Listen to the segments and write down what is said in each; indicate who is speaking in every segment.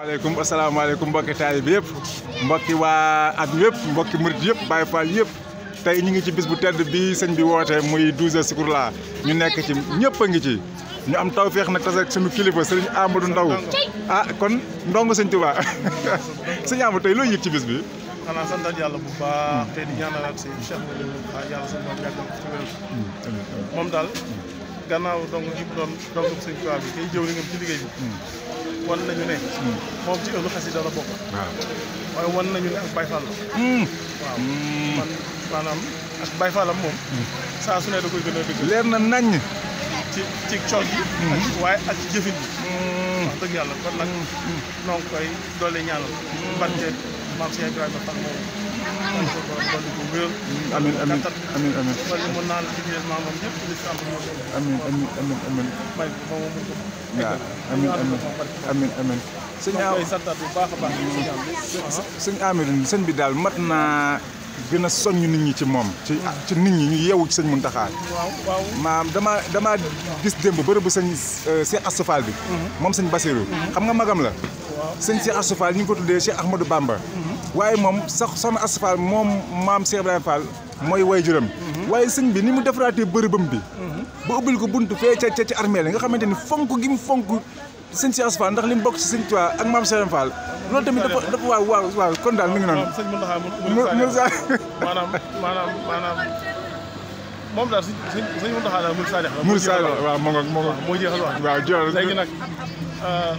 Speaker 1: maaleykum asalaamaaleykum mbokki bi yëpp mbokki waa at yëpp mbokki murit yëpp Baay Faal yëpp tey ñu ngi ci bis bu tedd bi sëñ bi woote muy 12h Zikroulahi ñu nekk ci ñëpp a ngi ci ñu am taw nag tase ak suñu kilifa sëriñ Amadou Ndaw ah kon ndongo sëñ tey loo yëg ci bis bi.
Speaker 2: xanaa santaat yàlla bu baax tey di mm, mm, mm. moom daal gannaaw liggéey wan nañu ne. Hmm. moom ci ëllu xasida la bokk. waaw waaye wan nañu ne ak bayfal la. Hmm. waaw hmm. man maanaam ak bayfalam moom. saa su ne da koy gën dëgg.
Speaker 1: leer na naññ.
Speaker 2: ci ci col gi. waaye ak ci jëfin bi. wax dëgg yàlla kon nag. noo ngi koy doole ñaanal. barke maam Cheikh Ibrahima Fall moom. amiin
Speaker 1: amiin amiin amiin. mën naa Am a baax. sëñ Amirou bi daal mat naa gën a soññ nit ñi ci moom. ci ci nit ñi ñu yeewu ci sëñ Muntaxa. waaw waaw maam damaa damaa gis démb bërëbu sëñ euh, Cheikh Assoufal bi. Mhm. moom sëñ Basirou. Mhm. xam nga magam la. sëñ Cheikh Astou Fall ñu ngi ko tuddee Cheikh Ahmadou Bamba waaye moom sax soxna Astou Fall moom maam Cheikh Ibrahima Fall mooy waajuram waaye sëñ bi ni mu defaraatee bërëbam bi ba ubbil ko buntu fee ca ca ci armée la nga xamante ni fonk gi mu fonk sëñ Cheikh Astou Fall ndax li mu bokk ci sëñ Tuubaa ak maam Cheikh Ibrahima daal mi ngi noonu maanaam
Speaker 2: maanaam maanaam moom daal sëñ Muntaxa daal Murid Saalix la Murid Saalix waaw
Speaker 1: moo nga moo nga moo jeexal wax waaw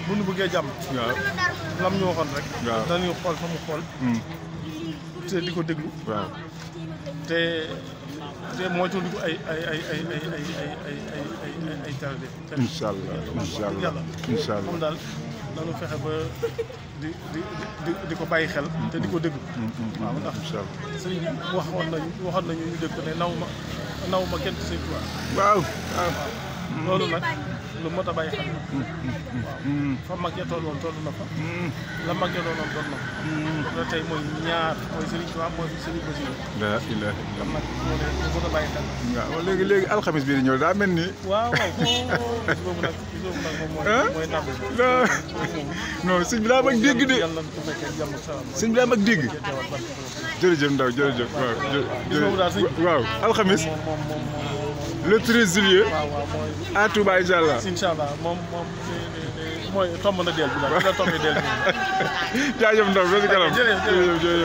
Speaker 2: bu ñu bëggee jàmm. waaw lam ñu waxoon rek. waaw dañuy xool fa mu xool. te di ko déglu. waaw te te moytandiku ay ay ay ay ay ay ay ay ay ay ay tardé. incha allah incha allah incha allah daal dañu fexe ba di di di di ko bàyyi xel. te di ko déglu. waaw ndax sëñ bi waxoon nañu waxoon nañu ñu dégg ne naw ma naw ma kenn ci sëñ Tuubaa. waaw waaw loolu nag. lu mot a bàyyi xel la. waaw léegi
Speaker 1: léegi alxames bi di ñëw daa mel ni. waaw waaw bis boobu mag dégg de. sëñ bi waaw jërëjëf le treize juillet. waaw waaw mooy. à Touba incha allah.
Speaker 2: incha allah moom moom